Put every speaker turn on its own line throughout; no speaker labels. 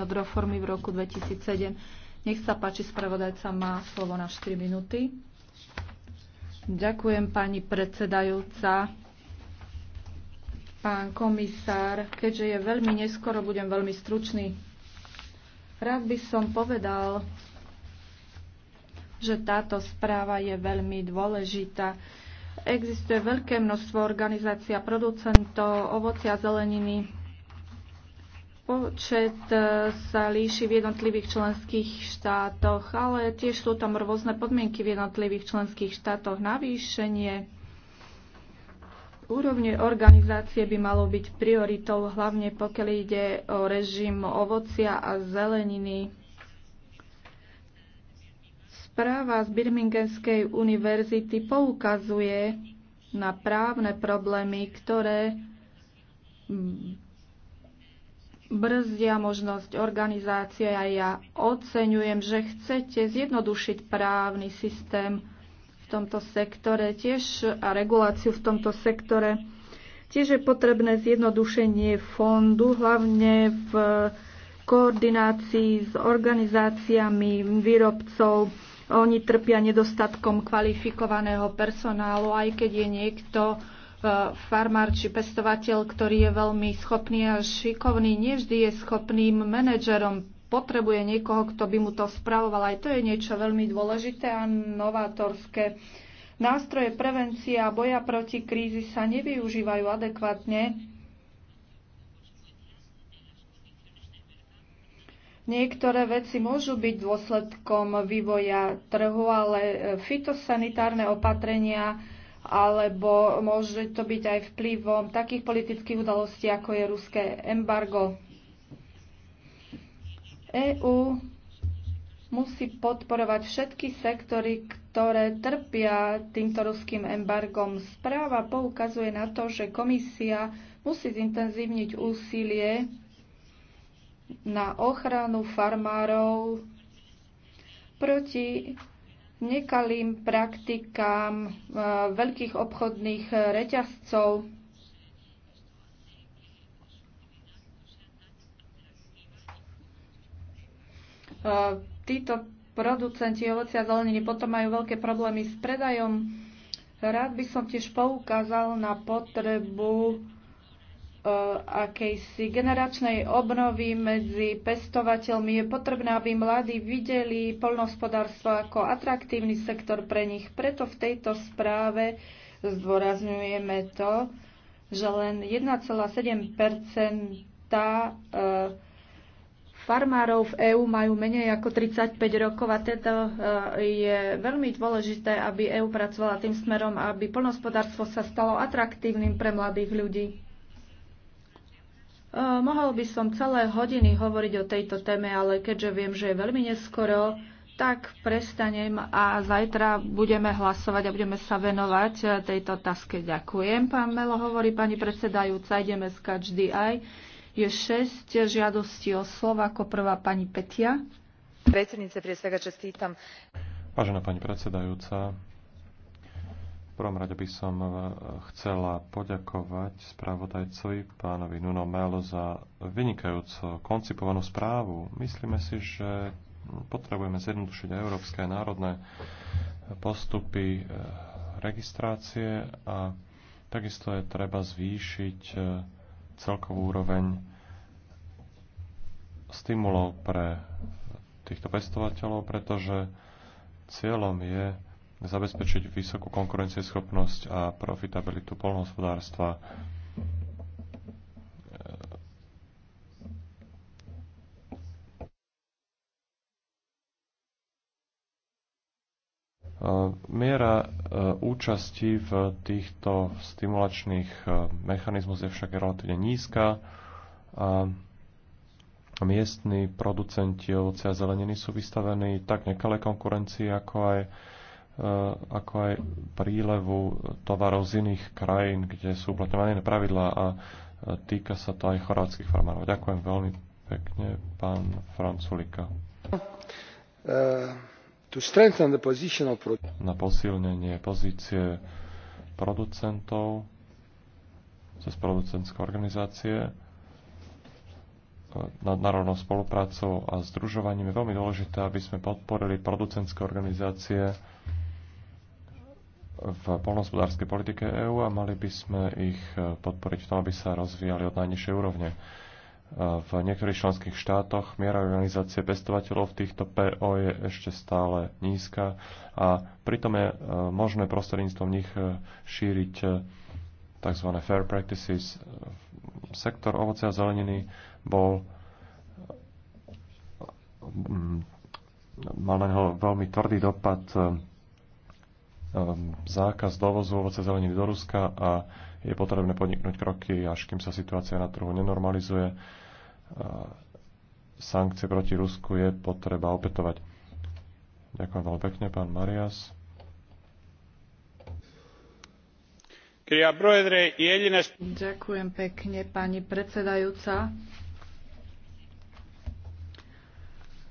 od reformy v roku 2007. Nech sa páči, spravodajca má slovo na 4 minúty. Ďakujem pani predsedajúca. Pán komisár, keďže je veľmi neskoro, budem veľmi stručný. Rád by som povedal, že táto správa je veľmi dôležitá. Existuje veľké množstvo organizácií a producentov ovocia a zeleniny Počet e, sa líši v jednotlivých členských štátoch, ale tiež sú tam rôzne podmienky v jednotlivých členských štátoch. Navýšenie úrovne organizácie by malo byť prioritou, hlavne pokiaľ ide o režim ovocia a zeleniny. Správa z Birminghamskej univerzity poukazuje na právne problémy, ktoré brzdia možnosť organizácie a ja oceňujem, že chcete zjednodušiť právny systém v tomto sektore tiež a reguláciu v tomto sektore. Tiež je potrebné zjednodušenie fondu, hlavne v koordinácii s organizáciami výrobcov. Oni trpia nedostatkom kvalifikovaného personálu, aj keď je niekto farmár či pestovateľ, ktorý je veľmi schopný a šikovný, nevždy je schopným manažerom. Potrebuje niekoho, kto by mu to spravoval. Aj to je niečo veľmi dôležité a novátorské. Nástroje prevencie a boja proti krízi sa nevyužívajú adekvátne. Niektoré veci môžu byť dôsledkom vývoja trhu, ale fitosanitárne opatrenia alebo môže to byť aj vplyvom takých politických udalostí, ako je ruské embargo. EÚ musí podporovať všetky sektory, ktoré trpia týmto ruským embargom. Správa poukazuje na to, že komisia musí zintenzívniť úsilie na ochranu farmárov proti nekalým praktikám e, veľkých obchodných reťazcov. E, títo producenti ovocia a zeleniny potom majú veľké problémy s predajom. Rád by som tiež poukázal na potrebu Eh, akejsi generačnej obnovy medzi pestovateľmi. Je potrebné, aby mladí videli poľnohospodárstvo ako atraktívny sektor pre nich. Preto v tejto správe zdôrazňujeme to, že len 1,7 eh, farmárov v EÚ majú menej ako 35 rokov a teda eh, je veľmi dôležité, aby EÚ pracovala tým smerom, aby poľnohospodárstvo sa stalo atraktívnym pre mladých ľudí. Eh, mohol by som celé hodiny hovoriť o tejto téme, ale keďže viem, že je veľmi neskoro, tak prestanem a zajtra budeme hlasovať a budeme sa venovať eh, tejto otázke. Ďakujem, pán Melo, hovorí pani predsedajúca, ideme z každý aj. Je šesť žiadostí o slovo ako prvá pani Petia. Predsednice, pre svega čestítam.
Vážená pani predsedajúca, prvom rade by som e, chcela poďakovať spravodajcovi pánovi Nuno Melo za vynikajúco koncipovanú správu. Myslíme si, že potrebujeme zjednodušiť aj európske národné postupy e, registrácie a takisto je treba zvýšiť e, celkovú úroveň stimulov pre týchto pestovateľov, pretože cieľom je zabezpečiť vysokú konkurencieschopnosť a profitabilitu polnohospodárstva. E, miera e, účasti v týchto stimulačných e, mechanizmoch je však relatívne nízka a miestni producenti ovoce a zeleniny sú vystavení tak nekalé konkurencii, ako aj E, ako aj prílevu tovarov z iných krajín, kde sú uplatňované iné pravidlá a e, týka sa to aj chorvátskych farmárov. Ďakujem veľmi pekne, pán Franculika.
E,
Na posilnenie pozície producentov cez producentské organizácie nad národnou spoluprácou a združovaním je veľmi dôležité, aby sme podporili producentské organizácie v polnohospodárskej politike EÚ a mali by sme ich eh, podporiť v tom, aby sa rozvíjali od najnižšej úrovne. Eh, v niektorých členských štátoch miera organizácie pestovateľov v týchto PO je ešte stále nízka a pritom je eh, možné prostredníctvom nich šíriť tzv. fair practices. Sektor ovoce a zeleniny bol mal na neho veľmi tvrdý dopad Um, zákaz dovozu ovoce zeleniny do Ruska a je potrebné podniknúť kroky, až kým sa situácia na trhu nenormalizuje. Sankcie proti Rusku je potreba opätovať. Ďakujem veľmi pekne, pán Marias.
Ďakujem pekne, pani predsedajúca.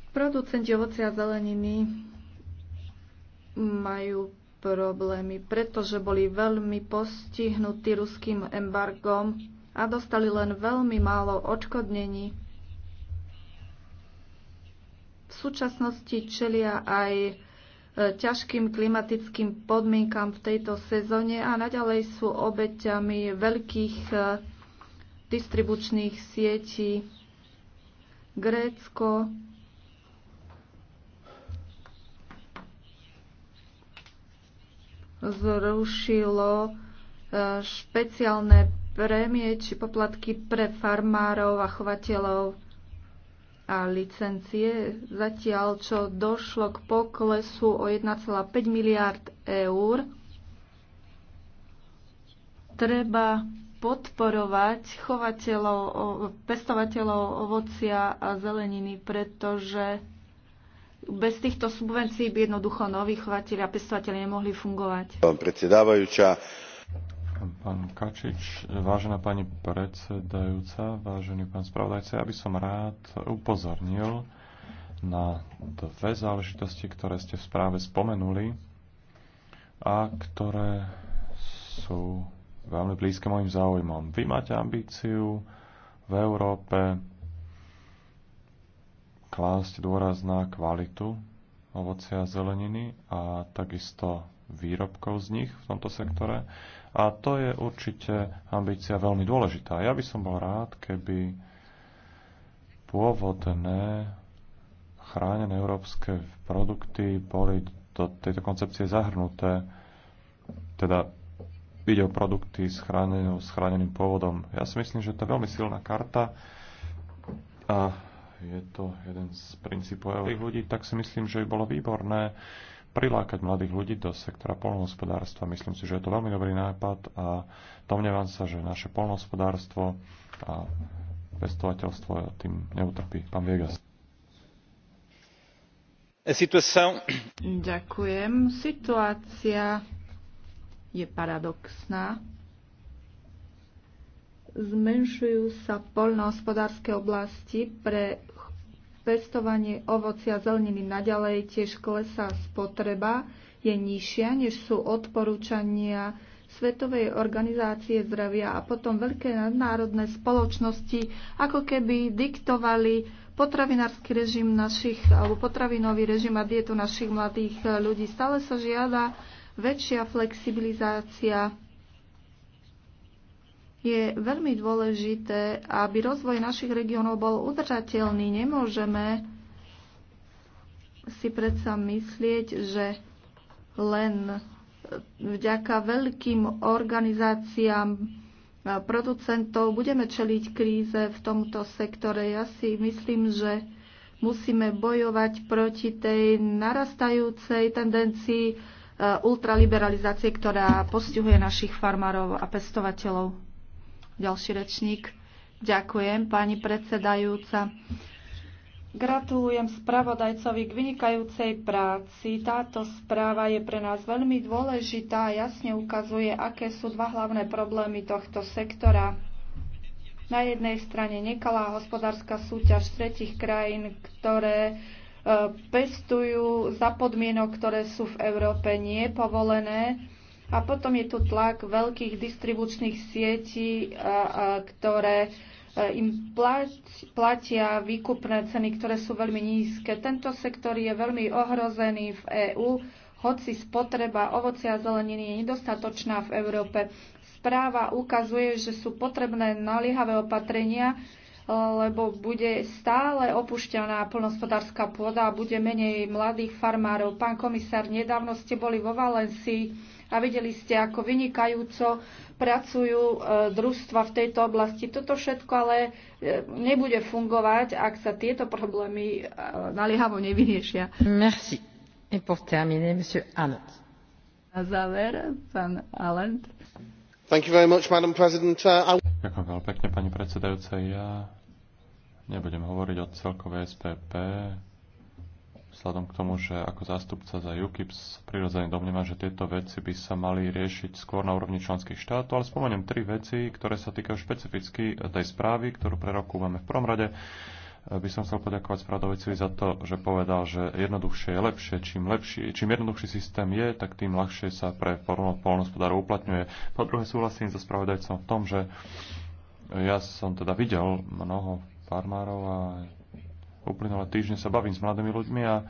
Producenti ovocia a zeleniny majú problémy, pretože boli veľmi postihnutí ruským embargom a dostali len veľmi málo odškodnení. V súčasnosti čelia aj e, ťažkým klimatickým podmienkam v tejto sezóne a naďalej sú obeťami veľkých e, distribučných sietí. Grécko zrušilo e, špeciálne prémie či poplatky pre farmárov a chovateľov a licencie, zatiaľ čo došlo k poklesu o 1,5 miliard eur. Treba podporovať chovateľov, pestovateľov ovocia a zeleniny, pretože bez týchto subvencií by jednoducho noví chovateľi a pestovateľi nemohli fungovať.
Pán predsedávajúča. Pán Kačič, vážená pani predsedajúca, vážený pán spravodajca, ja by som rád upozornil na dve záležitosti, ktoré ste v správe spomenuli a ktoré sú veľmi blízke mojim záujmom. Vy máte ambíciu v Európe klásť dôraz na kvalitu ovocia a zeleniny a takisto výrobkov z nich v tomto sektore. A to je určite ambícia veľmi dôležitá. Ja by som bol rád, keby pôvodné chránené európske produkty boli do tejto koncepcie zahrnuté. Teda ide o produkty s s chráneným pôvodom. Ja si myslím, že to je veľmi silná karta a je to jeden z princípov eurých ľudí, tak si myslím, že by bolo výborné prilákať mladých ľudí do sektora polnohospodárstva. Myslím si, že je to veľmi dobrý nápad a domnievam sa, že naše polnohospodárstvo a pestovateľstvo tým neutrpí. Pán Viegas.
Ďakujem. Situácia je paradoxná zmenšujú sa poľnohospodárske oblasti pre pestovanie ovocia a zeleniny naďalej tiež klesá spotreba, je nižšia, než sú odporúčania Svetovej organizácie zdravia a potom veľké nadnárodné spoločnosti ako keby diktovali potravinársky režim našich, alebo potravinový režim a dietu našich mladých ľudí. Stále sa žiada väčšia flexibilizácia je veľmi dôležité, aby rozvoj našich regiónov bol udržateľný. Nemôžeme si predsa myslieť, že len vďaka veľkým organizáciám producentov budeme čeliť kríze v tomto sektore. Ja si myslím, že musíme bojovať proti tej narastajúcej tendencii e, ultraliberalizácie, ktorá postihuje našich farmárov a pestovateľov. Ďalší rečník. Ďakujem, pani predsedajúca. Gratulujem spravodajcovi k vynikajúcej práci. Táto správa je pre nás veľmi dôležitá a jasne ukazuje, aké sú dva hlavné problémy tohto sektora. Na jednej strane nekalá hospodárska súťaž tretich krajín, ktoré e, pestujú za podmienok, ktoré sú v Európe nepovolené a potom je tu tlak veľkých distribučných sietí, ktoré e, im platia výkupné ceny, ktoré sú veľmi nízke. Tento sektor je veľmi ohrozený v EÚ, hoci spotreba ovocia a zeleniny je nedostatočná v Európe. Správa ukazuje, že sú potrebné naliehavé opatrenia, lebo bude stále opušťaná plnospodárska pôda a bude menej mladých farmárov. Pán komisár, nedávno ste boli vo Valencii a videli ste, ako vynikajúco pracujú e, družstva v tejto oblasti. Toto všetko ale e, nebude fungovať, ak sa tieto problémy e, naliehavo nevyriešia. Merci. Et pour terminer, monsieur Arnott. Na záver, pán Allend. Thank you very much, Madam President. Uh,
I... Ďakujem veľmi pekne, pani predsedajúca. Ja nebudem hovoriť o celkovej SPP, vzhľadom k tomu, že ako zástupca za UKIP prirodzene domnievam, že tieto veci by sa mali riešiť skôr na úrovni členských štátov, ale spomeniem tri veci, ktoré sa týkajú špecificky tej správy, ktorú prerokúvame v prvom rade by som chcel poďakovať Spradovicovi za to, že povedal, že jednoduchšie je lepšie. Čím, lepší, čím jednoduchší systém je, tak tým ľahšie sa pre polnospodárov uplatňuje. Po druhé súhlasím so spravodajcom v tom, že ja som teda videl mnoho farmárov a uplynulé týždne sa bavím s mladými ľuďmi a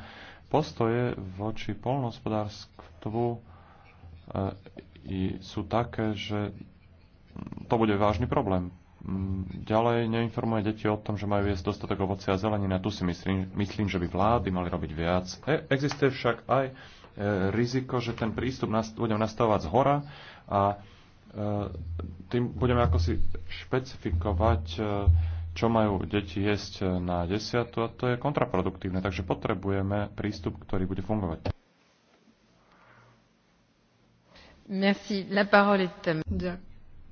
postoje voči polnospodárstvu e, sú také, že to bude vážny problém Mm, ďalej neinformuje deti o tom, že majú jesť dostatok ovoce a zelenina. Tu si myslím, myslím, že by vlády mali robiť viac. E, existuje však aj e, riziko, že ten prístup nas, budem nastavovať z hora a e, tým budeme ako si špecifikovať, e, čo majú deti jesť na desiatu a to je kontraproduktívne. Takže potrebujeme prístup, ktorý bude fungovať.
Merci. La parole est...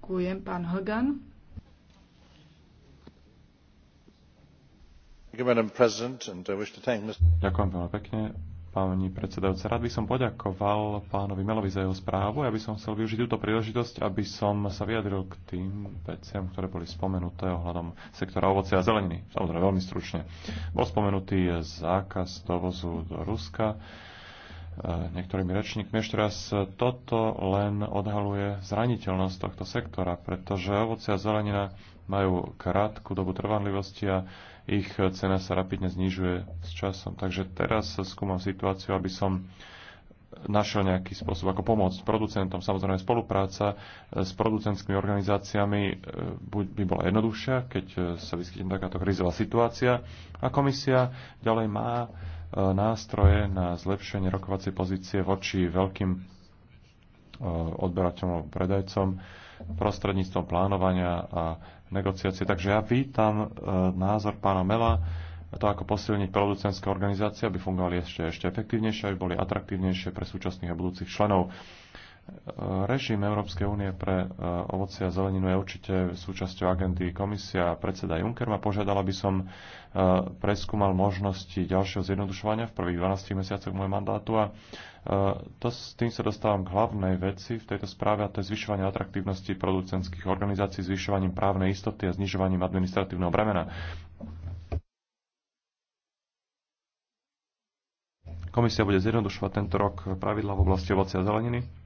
Ďakujem, pán Hogan.
Ďakujem veľmi pekne, pani predsedajúca. Rád by som poďakoval pánovi Melovi za jeho správu. Ja by som chcel využiť túto príležitosť, aby som sa vyjadril k tým veciam, ktoré boli spomenuté ohľadom sektora ovoce a zeleniny. Samozrejme, veľmi stručne. Bol spomenutý zákaz dovozu do Ruska E, niektorými rečníkmi. Ešte raz, toto len odhaluje zraniteľnosť tohto sektora, pretože ovoce a zelenina majú krátku dobu trvanlivosti a ich cena sa rapidne znižuje s časom. Takže teraz skúmam situáciu, aby som našiel nejaký spôsob, ako pomôcť producentom. Samozrejme, spolupráca s producentskými organizáciami e, by bola jednoduchšia, keď sa vyskytne takáto krizová situácia. A komisia ďalej má E, nástroje na zlepšenie rokovacej pozície voči veľkým e, odberateľom a predajcom prostredníctvom plánovania a negociácie. Takže ja vítam e, názor pána Mela, to ako posilniť producentské organizácie, aby fungovali ešte, ešte efektívnejšie, aby boli atraktívnejšie pre súčasných a budúcich členov. Režim Európskej únie pre e, ovoce a zeleninu je určite súčasťou agendy komisia. Predseda Juncker ma požiadal, aby som e, preskúmal možnosti ďalšieho zjednodušovania v prvých 12 mesiacoch môjho mandátu a e, to, s tým sa dostávam k hlavnej veci v tejto správe a to je zvyšovanie atraktívnosti producentských organizácií, zvyšovaním právnej istoty a znižovaním administratívneho bremena. Komisia bude zjednodušovať tento rok pravidla v oblasti ovocia a zeleniny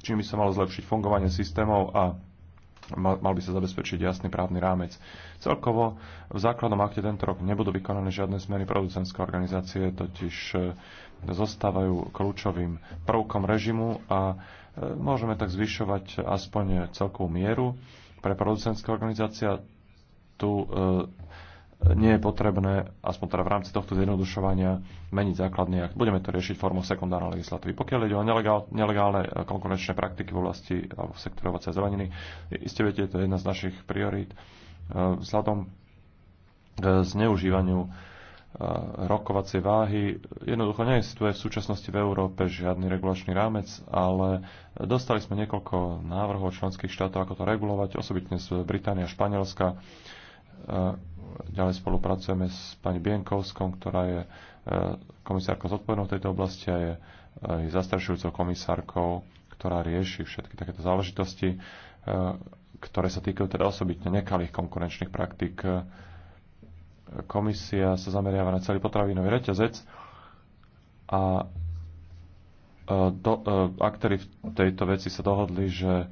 čím by sa malo zlepšiť fungovanie systémov a mal by sa zabezpečiť jasný právny rámec. Celkovo v základnom akte tento rok nebudú vykonané žiadne zmeny. Producentské organizácie totiž e, zostávajú kľúčovým prvkom režimu a e, môžeme tak zvyšovať aspoň celkovú mieru. Pre producentské organizácia tu e, nie je potrebné, aspoň teda v rámci tohto zjednodušovania, meniť základný akt. Budeme to riešiť formou sekundárnej legislatívy. Pokiaľ ide o nelegál, nelegálne eh, konkurenčné praktiky v oblasti alebo eh, v sektore ovocia zeleniny, iste viete, to je jedna z našich priorít. Eh, vzhľadom k zneužívaniu rokovacej váhy. Jednoducho neexistuje v súčasnosti v Európe žiadny regulačný rámec, ale dostali sme niekoľko návrhov členských štátov, ako to regulovať, osobitne z Británia a Španielska Ďalej spolupracujeme s pani Bienkovskou, ktorá je e, komisárkou zodpovednou v tejto oblasti a je e, zastrešujúcou komisárkou, ktorá rieši všetky takéto záležitosti, e, ktoré sa týkajú teda osobitne nekalých konkurenčných praktík. Komisia sa zameriava na celý potravinový reťazec a do, aktéry v tejto veci sa dohodli, že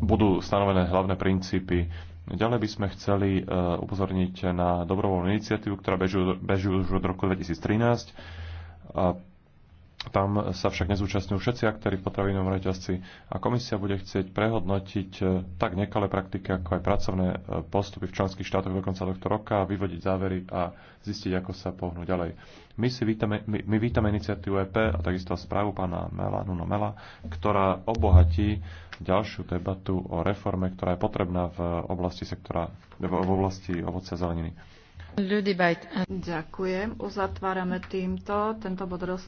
budú stanovené hlavné princípy. Ďalej by sme chceli e, upozorniť na dobrovoľnú iniciatívu, ktorá beží, už od roku 2013. A tam sa však nezúčastňujú všetci aktéry v potravinovom reťazci a komisia bude chcieť prehodnotiť e, tak nekalé praktiky, ako aj pracovné e, postupy v členských štátoch do konca tohto roka, vyvodiť závery a zistiť, ako sa pohnú ďalej. My, si vítame, my, my vítame iniciatívu EP a takisto správu pána Mela, Nuno Mela, ktorá obohatí ďalšiu debatu o reforme, ktorá je potrebná v oblasti sektora, v oblasti ovoce a zeleniny.
Ďakujem. Uzatvárame týmto tento bod roz...